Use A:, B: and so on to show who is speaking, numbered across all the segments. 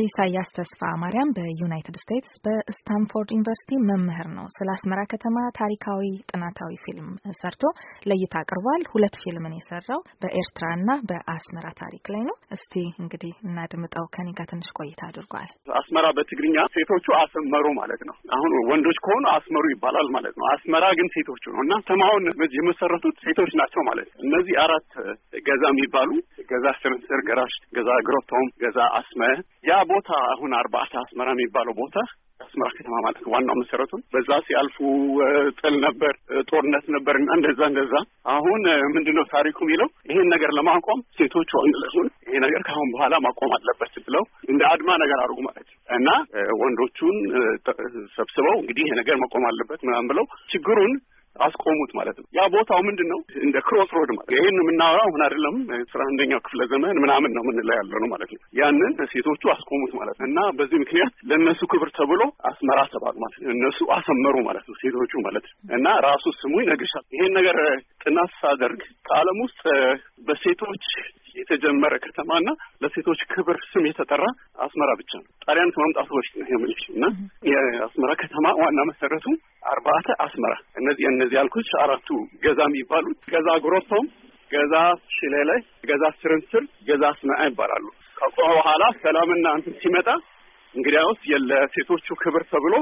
A: ኢሳያስ ተስፋ ማርያም በዩናይትድ ስቴትስ በስታንፎርድ ዩኒቨርሲቲ መምህር ነው። ስለ አስመራ ከተማ ታሪካዊ ጥናታዊ ፊልም ሰርቶ ለእይታ አቅርቧል። ሁለት ፊልምን የሰራው በኤርትራና በአስመራ ታሪክ ላይ ነው። እስቲ እንግዲህ እናድምጠው። ከኔ ጋር ትንሽ ቆይታ አድርጓል።
B: አስመራ በትግርኛ ሴቶቹ አስመሩ ማለት ነው። አሁን ወንዶች ከሆኑ አስመሩ ይባላል ማለት ነው። አስመራ ግን ሴቶቹ ነው እና ከተማውን የመሰረቱት ሴቶች ናቸው ማለት ነው። እነዚህ አራት ገዛ የሚባሉ ገዛ ስርንፅር ገራሽ ገዛ ግሮቶም ገዛ አስመ ያ ቦታ አሁን አርባዕተ አስመራ የሚባለው ቦታ አስመራ ከተማ ማለት ነው። ዋናው መሰረቱም በዛ ሲያልፉ ጥል ነበር፣ ጦርነት ነበር እና እንደዛ እንደዛ። አሁን ምንድን ነው ታሪኩ የሚለው ይሄን ነገር ለማቆም ሴቶች ወንድለሱን ይሄ ነገር ከአሁን በኋላ ማቆም አለበት ብለው እንደ አድማ ነገር አድርጉ ማለት እና ወንዶቹን ሰብስበው እንግዲህ ይሄ ነገር መቆም አለበት ምናምን ብለው ችግሩን አስቆሙት ማለት ነው። ያ ቦታው ምንድን ነው እንደ ክሮስ ሮድ ማለት ነው። ይህን የምናወራው አሁን አይደለም ስራ አንደኛው ክፍለ ዘመን ምናምን ነው የምንለው ያለ ነው ማለት ነው። ያንን ሴቶቹ አስቆሙት ማለት ነው እና በዚህ ምክንያት ለእነሱ ክብር ተብሎ አስመራ ተባሉ ማለት ነው። እነሱ አሰመሩ ማለት ነው ሴቶቹ ማለት ነው እና ራሱ ስሙ ይነግርሻል። ይሄን ነገር ጥናት ሳደርግ ከዓለም ውስጥ በሴቶች የተጀመረ ከተማና ለሴቶች ክብር ስም የተጠራ አስመራ ብቻ ነው። ጣሊያን ከመምጣቱ በፊት ነው የምልሽ እና የአስመራ ከተማ ዋና መሰረቱ አርባዕተ አስመራ እነዚህ እነዚህ ያልኩት አራቱ ገዛ የሚባሉት ገዛ ግሮቶም፣ ገዛ ሽሌለ፣ ገዛ ስርንስር፣ ገዛ ስናአ ይባላሉ። ከቆመ በኋላ ሰላምና እንትን ሲመጣ እንግዲያውስ የለሴቶቹ ክብር ተብሎ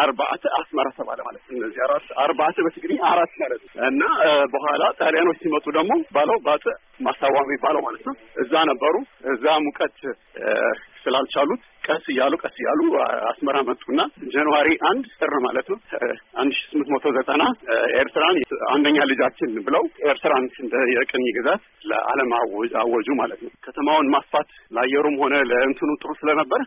B: አርባዕተ አስመራ ተባለ ማለት ነው። እነዚህ አራት አርባዕተ በትግርኛ አራት ማለት ነው እና በኋላ ጣሊያኖች ሲመጡ ደግሞ ባለው ባጽ ማሳዋ የሚባለው ማለት ነው። እዛ ነበሩ። እዛ ሙቀት ስላልቻሉት ቀስ እያሉ ቀስ እያሉ አስመራ መጡና ጃንዋሪ አንድ ጥር ማለት ነው አንድ ሺ ስምንት መቶ ዘጠና ኤርትራን አንደኛ ልጃችን ብለው ኤርትራን እንደ የቅኝ ግዛት ለዓለም አወጁ ማለት ነው። ከተማውን ማስፋት ለአየሩም ሆነ ለእንትኑ ጥሩ ስለነበር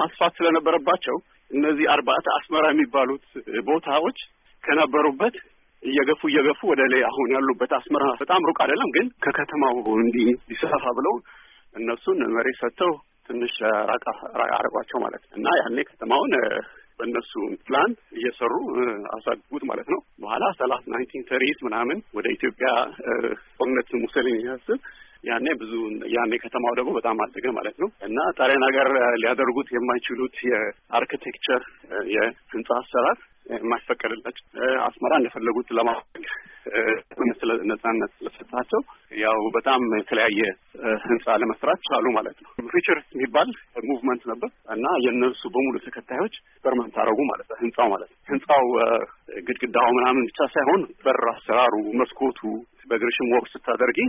B: ማስፋት ስለነበረባቸው እነዚህ አርባዕተ አስመራ የሚባሉት ቦታዎች ከነበሩበት እየገፉ እየገፉ ወደ ላይ አሁን ያሉበት አስመራ በጣም ሩቅ አይደለም፣ ግን ከከተማው እንዲህ ሊሰፋ ብለው እነሱን መሬት ሰጥተው ትንሽ አረቋቸው ማለት ነው እና ያኔ ከተማውን በእነሱ ፕላን እየሰሩ አሳድጉት ማለት ነው። በኋላ ሰላት ናይንቲን ተሪስ ምናምን ወደ ኢትዮጵያ ጦርነት ሙሰሊን ሲያስብ ያኔ ብዙ ያኔ ከተማው ደግሞ በጣም አደገ ማለት ነው እና ጣሪያን ሀገር ሊያደርጉት የማይችሉት የአርክቴክቸር የህንፃ አሰራር የማይፈቀድላቸው አስመራ እንደፈለጉት ለማድረግ ስለ ነጻነት ስለሰጣቸው ያው በጣም የተለያየ ህንጻ ለመስራት ቻሉ ማለት ነው። ፊቸር የሚባል ሙቭመንት ነበር እና የእነሱ በሙሉ ተከታዮች ኤክስፐሪመንት አረጉ ማለት ነው። ህንጻው ማለት ነው። ህንጻው ግድግዳው ምናምን ብቻ ሳይሆን በር አሰራሩ፣ መስኮቱ በግርሽም ወቅ ስታደርጊ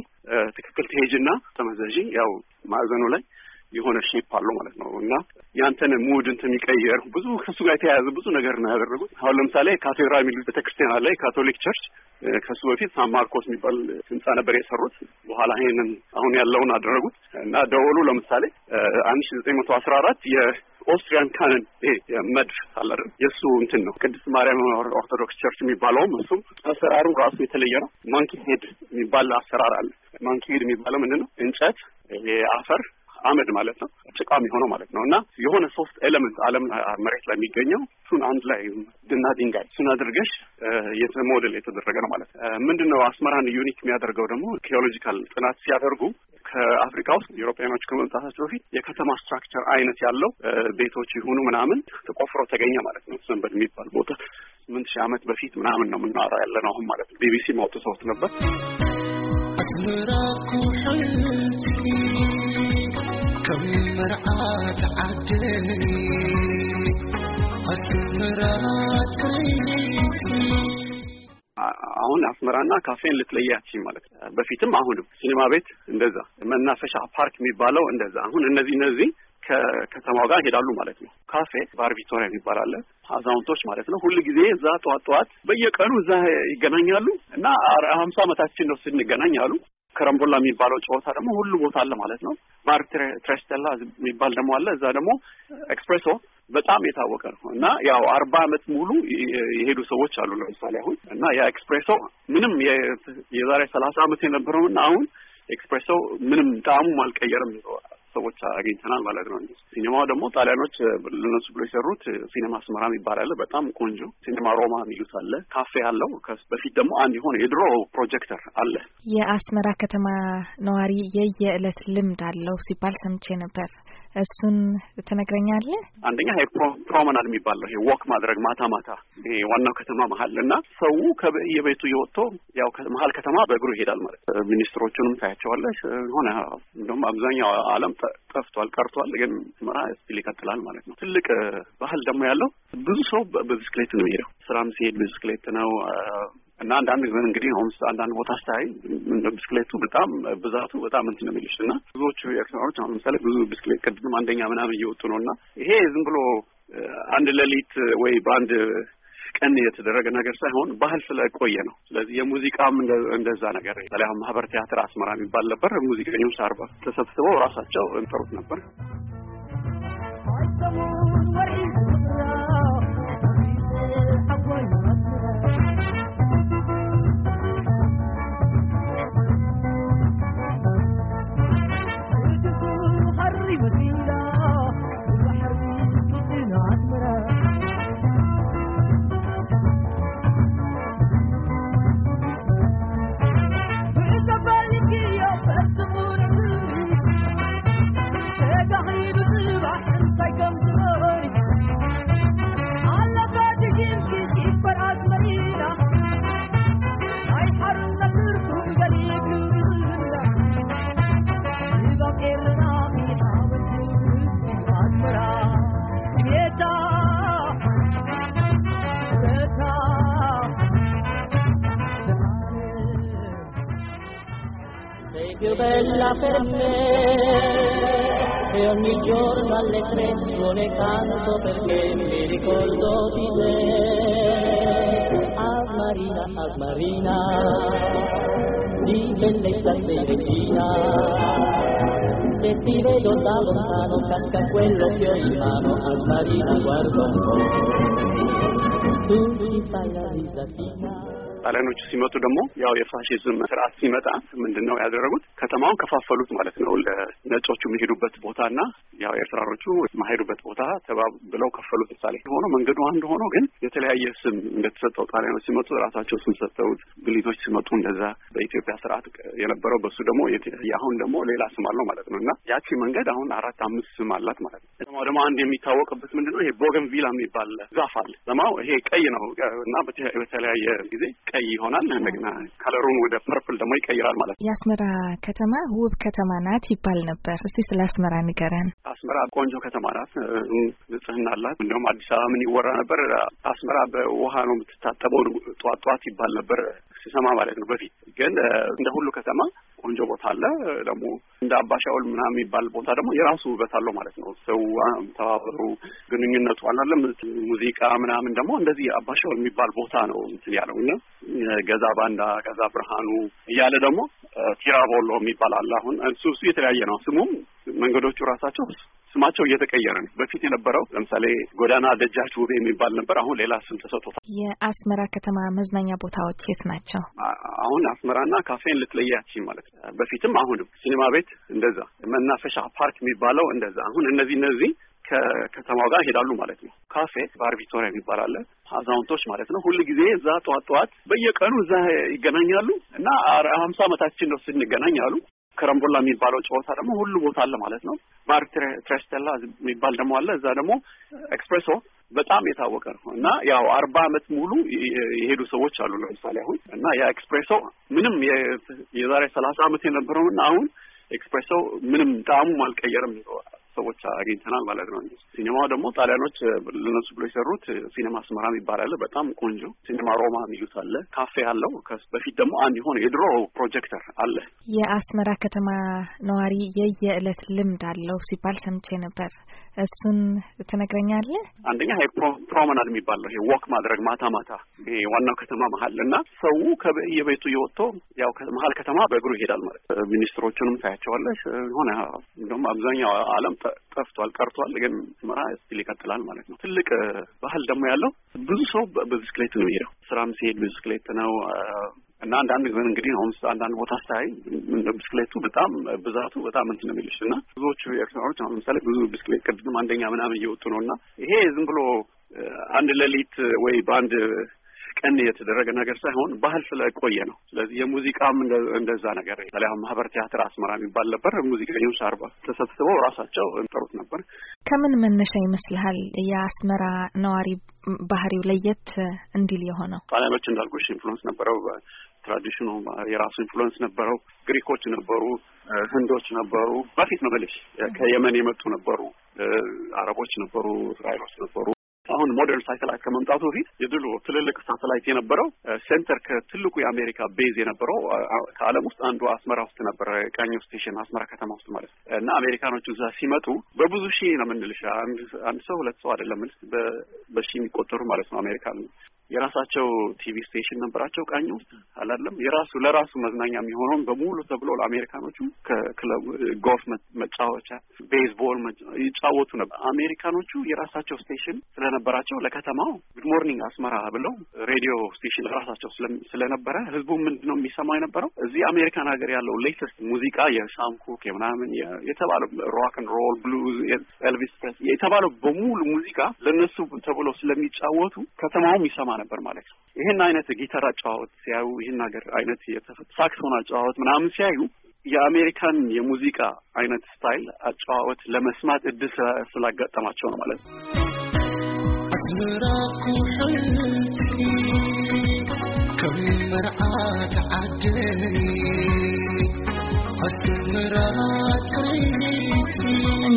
B: ትክክል ትሄጂና ተመዘዥ ያው ማዕዘኑ ላይ የሆነ ሼፕ አለው ማለት ነው እና ያንተን ሙድ እንትን የሚቀይር ብዙ ከሱ ጋር የተያያዘ ብዙ ነገር ነው ያደረጉት። አሁን ለምሳሌ ካቴድራል የሚሉ ቤተክርስቲያን አለ፣ ካቶሊክ ቸርች። ከሱ በፊት ሳን ማርኮስ የሚባል ህንጻ ነበር የሰሩት። በኋላ ይሄንን አሁን ያለውን አደረጉት እና ደወሉ ለምሳሌ አንድ ሺ ዘጠኝ መቶ አስራ አራት የኦስትሪያን ካንን ይሄ መድፍ የእሱ እንትን ነው። ቅድስት ማርያም ኦርቶዶክስ ቸርች የሚባለውም እሱም አሰራሩ ራሱ የተለየ ነው። ማንኪ ሄድ የሚባል አሰራር አለ። ማንኪ ሄድ የሚባለው ምንድን ነው? እንጨት ይሄ አፈር አመድ ማለት ነው ጭቃም የሆነው ማለት ነው እና የሆነ ሶስት ኤለመንት አለም መሬት ላይ የሚገኘው እሱን አንድ ላይ ድና ድንጋይ እሱን አድርገሽ ሞዴል የተደረገ ነው ማለት ነው። ምንድን ነው አስመራን ዩኒክ የሚያደርገው ደግሞ ኪኦሎጂካል ጥናት ሲያደርጉ ከአፍሪካ ውስጥ ዩሮፓያኖች ከመምጣታቸው በፊት የከተማ ስትራክቸር አይነት ያለው ቤቶች ይሁኑ ምናምን ተቆፍሮ ተገኘ ማለት ነው። ሰንበድ የሚባል ቦታ ስምንት ሺህ ዓመት በፊት ምናምን ነው የምናወራው ያለ ነው አሁን ማለት ነው። ቢቢሲ ሰውት ነበር።
C: አሁን
B: አስመራና ካፌን ልትለያችን ማለት ነው። በፊትም አሁንም ሲኒማ ቤት እንደዛ፣ መናፈሻ ፓርክ የሚባለው እንደዛ። አሁን እነዚህ እነዚህ ከከተማው ጋር ሄዳሉ ማለት ነው። ካፌ ባር የሚባል አለ። አዛውንቶች ማለት ነው ሁሉ ጊዜ እዛ ጠዋት ጠዋት በየቀኑ እዛ ይገናኛሉ እና ሀምሳ ዓመታችን ነው ስንገናኝ አሉ። ከረምቦላ የሚባለው ጨዋታ ደግሞ ሁሉ ቦታ አለ ማለት ነው። ባር ትሬስተላ የሚባል ደግሞ አለ። እዛ ደግሞ ኤክስፕሬሶ በጣም የታወቀ ነው እና ያው አርባ አመት ሙሉ የሄዱ ሰዎች አሉ ለምሳሌ አሁን እና ያ ኤክስፕሬሶ ምንም የዛሬ ሰላሳ አመት የነበረውና አሁን ኤክስፕሬሶ ምንም ጣዕሙም አልቀየርም ሰዎች አግኝተናል ማለት ነው። ሲኔማው ደግሞ ጣሊያኖች ለነሱ ብሎ የሰሩት ሲኔማ አስመራ የሚባል በጣም ቆንጆ ሲኔማ ሮማ የሚሉት አለ፣ ካፌ አለው። በፊት ደግሞ አንድ የሆነ የድሮ ፕሮጀክተር አለ።
A: የአስመራ ከተማ ነዋሪ የየዕለት ልምድ አለው ሲባል ሰምቼ ነበር። እሱን ትነግረኛለህ?
B: አንደኛ ይሄ ፕሮመናድ የሚባለው ይሄ ወክ ማድረግ ማታ ማታ ይሄ ዋናው ከተማ መሀል እና ሰው ከየቤቱ የወጥቶ ያው መሀል ከተማ በእግሩ ይሄዳል ማለት ሚኒስትሮቹንም ታያቸዋለች። ሆነ እንደውም አብዛኛው ዓለም ጠፍቷል፣ ቀርቷል። ግን ስመራ ስቲል ይቀጥላል ማለት ነው። ትልቅ ባህል ደግሞ ያለው ብዙ ሰው በብስክሌት ነው የሄደው። ስራም ሲሄድ ብስክሌት ነው እና አንዳንድ ምን እንግዲህ ሆምስ አንዳንድ ቦታ ስታይ ብስክሌቱ በጣም ብዛቱ በጣም እንትን ነው የሚልሽ እና ብዙዎቹ ኤርትራዎች አሁን ለምሳሌ ብዙ ብስክሌት ቅድም አንደኛ ምናምን እየወጡ ነው እና ይሄ ዝም ብሎ አንድ ሌሊት ወይ በአንድ ቀን የተደረገ ነገር ሳይሆን ባህል ስለቆየ ነው። ስለዚህ የሙዚቃም እንደዛ ነገር በተለይ አሁን ማህበር ቲያትር አስመራ የሚባል ነበር። ሙዚቀኞች አርባ ተሰብስበው ራሳቸው እንጠሩት ነበር።
C: più bella per me e ogni giorno alle tre suona canto perché mi ricordo di te. A Marina, ah, Marina, di bellezza sei se ti vedo da lontano casca quello che ho in mano al marina guardo un po' tu mi fai la
B: ጣሊያኖቹ ሲመጡ ደግሞ ያው የፋሽዝም ስርዓት ሲመጣ ምንድን ነው ያደረጉት? ከተማውን ከፋፈሉት ማለት ነው። ለነጮቹ የሚሄዱበት ቦታና ያው ኤርትራኖቹ የማሄዱበት ቦታ ተባ ብለው ከፈሉት። ምሳሌ ሆኖ መንገዱ አንድ ሆኖ ግን የተለያየ ስም እንደተሰጠው ጣሊያኖች ሲመጡ ራሳቸው ስም ሰጠውት። ግሊቶች ሲመጡ እንደዛ በኢትዮጵያ ስርዓት የነበረው በሱ ደግሞ የአሁን ደግሞ ሌላ ስም አለው ማለት ነው። እና ያቺ መንገድ አሁን አራት አምስት ስም አላት ማለት ነው። ከተማው ደግሞ አንድ የሚታወቅበት ምንድን ነው? ይሄ ቦገንቪላ የሚባል ዛፍ አለ። ከተማው ይሄ ቀይ ነው እና በተለያየ ጊዜ ቀይ ይሆናል። እንደገና ከለሩን ወደ ፐርፕል ደግሞ ይቀይራል ማለት ነው።
A: የአስመራ ከተማ ውብ ከተማ ናት ይባል ነበር። እስቲ ስለ አስመራ ንገረን።
B: አስመራ ቆንጆ ከተማ ናት፣ ንጽህና አላት። እንዲሁም አዲስ አበባ ምን ይወራ ነበር? አስመራ በውሃ ነው የምትታጠበው ጠዋት ጠዋት ይባል ነበር ሲሰማ ማለት ነው። በፊት ግን እንደ ሁሉ ከተማ ቆንጆ ቦታ አለ። ደግሞ እንደ አባሻውል ምናምን የሚባል ቦታ ደግሞ የራሱ ውበት አለው ማለት ነው። ሰው ተባበሩ፣ ግንኙነቱ አላለም፣ ሙዚቃ ምናምን ደግሞ እንደዚህ አባሻውል የሚባል ቦታ ነው እንትን ያለው እና ገዛ ባንዳ፣ ገዛ ብርሃኑ እያለ ደግሞ ቲራቦሎ የሚባል አለ። አሁን እሱ እሱ የተለያየ ነው ስሙም መንገዶቹ ራሳቸው ስማቸው እየተቀየረ ነው። በፊት የነበረው ለምሳሌ ጎዳና ደጃች ውቤ የሚባል ነበር። አሁን ሌላ ስም ተሰጥቶታል።
A: የአስመራ ከተማ መዝናኛ ቦታዎች የት ናቸው?
B: አሁን አስመራና ካፌን ልትለያችኝ ማለት ነው። በፊትም አሁንም ሲኒማ ቤት እንደዛ፣ መናፈሻ ፓርክ የሚባለው እንደዛ። አሁን እነዚህ እነዚህ ከከተማው ጋር ይሄዳሉ ማለት ነው። ካፌ ባር ቪቶሪያ የሚባል አለ። አዛውንቶች ማለት ነው። ሁል ጊዜ እዛ ጠዋት ጠዋት በየቀኑ እዛ ይገናኛሉ እና ሀምሳ ዓመታችን ነው ስንገናኝ አሉ። ከረምቦላ የሚባለው ጨዋታ ደግሞ ሁሉ ቦታ አለ ማለት ነው። ባር ትሬስተላ የሚባል ደግሞ አለ። እዛ ደግሞ ኤክስፕሬሶ በጣም የታወቀ ነው እና ያው አርባ አመት ሙሉ የሄዱ ሰዎች አሉ ለምሳሌ አሁን እና ያ ኤክስፕሬሶ ምንም የዛሬ ሰላሳ አመት የነበረውና አሁን ኤክስፕሬሶ ምንም ጣዕሙም አልቀየርም። ሰዎች አግኝተናል ማለት ነው። ሲኒማው ደግሞ ጣሊያኖች ለነሱ ብሎ የሰሩት ሲኔማ አስመራ የሚባል አለ፣ በጣም ቆንጆ ሲኔማ ሮማ የሚሉት አለ፣ ካፌ አለው። በፊት ደግሞ አንድ የሆነ የድሮ ፕሮጀክተር አለ።
A: የአስመራ ከተማ ነዋሪ የየዕለት ልምድ አለው ሲባል ሰምቼ ነበር። እሱን ትነግረኛለህ?
B: አንደኛ ይሄ ፕሮመናድ የሚባለው ይሄ ወክ ማድረግ ማታ ማታ ይሄ ዋናው ከተማ መሀል እና ሰው ከየቤቱ የወጥቶ ያው መሀል ከተማ በእግሩ ይሄዳል ማለት ሚኒስትሮቹንም ታያቸዋለሽ ሆነ እንደውም አብዛኛው ዓለም ጠፍቷል፣ ቀርቷል። ግን ምራ ስቲል ይቀጥላል ማለት ነው። ትልቅ ባህል ደግሞ ያለው ብዙ ሰው በብስክሌት ነው የሚሄደው። ስራም ሲሄድ ብስክሌት ነው እና አንዳንድ ጊዜ እንግዲህ አሁን አንዳንድ ቦታ ስታይ ብስክሌቱ በጣም ብዛቱ በጣም እንትን ነው የሚልሽ እና ብዙዎቹ ኤርትራዎች አሁን ለምሳሌ ብዙ ብስክሌት ቅድም አንደኛ ምናምን እየወጡ ነው እና ይሄ ዝም ብሎ አንድ ሌሊት ወይ በአንድ ቀን የተደረገ ነገር ሳይሆን ባህል ስለቆየ ነው። ስለዚህ የሙዚቃም እንደዛ ነገር በተለይ አሁን ማህበር ቲያትር አስመራ የሚባል ነበር። ሙዚቀኞች አርባ ተሰብስበው ራሳቸው እንጠሩት ነበር።
A: ከምን መነሻ ይመስልሃል የአስመራ ነዋሪ ባህሪው ለየት እንዲል የሆነው?
B: ጣሊያኖች እንዳልኩሽ ኢንፍሉወንስ ነበረው ትራዲሽኑ የራሱ ኢንፍሉዌንስ ነበረው። ግሪኮች ነበሩ፣ ህንዶች ነበሩ። በፊት ነው በልሽ ከየመን የመጡ ነበሩ፣ አረቦች ነበሩ፣ እስራኤሎች ነበሩ። አሁን ሞደርን ሳተላይት ከመምጣቱ በፊት የድሮ ትልልቅ ሳተላይት የነበረው ሴንተር ከትልቁ የአሜሪካ ቤዝ የነበረው ከዓለም ውስጥ አንዱ አስመራ ውስጥ ነበረ። ቃኘው ስቴሽን አስመራ ከተማ ውስጥ ማለት ነው። እና አሜሪካኖቹ እዛ ሲመጡ በብዙ ሺህ ነው የምንልሽ አንድ ሰው ሁለት ሰው አይደለም በሺህ የሚቆጠሩ ማለት ነው አሜሪካን የራሳቸው ቲቪ ስቴሽን ነበራቸው። ቃኝ ውስጥ አላለም የራሱ ለራሱ መዝናኛ የሚሆነውን በሙሉ ተብሎ ለአሜሪካኖቹ ከክለቡ ጎልፍ መጫወቻ፣ ቤዝቦል ይጫወቱ ነበር። አሜሪካኖቹ የራሳቸው ስቴሽን ስለነበራቸው ለከተማው ጉድ ሞርኒንግ አስመራ ብለው ሬዲዮ ስቴሽን ለራሳቸው ስለነበረ ህዝቡ ምንድን ነው የሚሰማው የነበረው እዚህ አሜሪካን ሀገር ያለው ሌተስት ሙዚቃ የሳምኩክ የምናምን የተባለው ሮክን ሮል፣ ብሉዝ፣ ኤልቪስ ፕሬስ የተባለው በሙሉ ሙዚቃ ለእነሱ ተብሎ ስለሚጫወቱ ከተማውም ይሰማል። ነበር ማለት ነው። ይህን አይነት ጊታር አጨዋወት ሲያዩ፣ ይህን ሀገር አይነት ሳክሶን አጨዋወት ምናምን ሲያዩ የአሜሪካን የሙዚቃ አይነት ስታይል አጨዋወት ለመስማት እድል ስላጋጠማቸው ነው ማለት
C: ነው።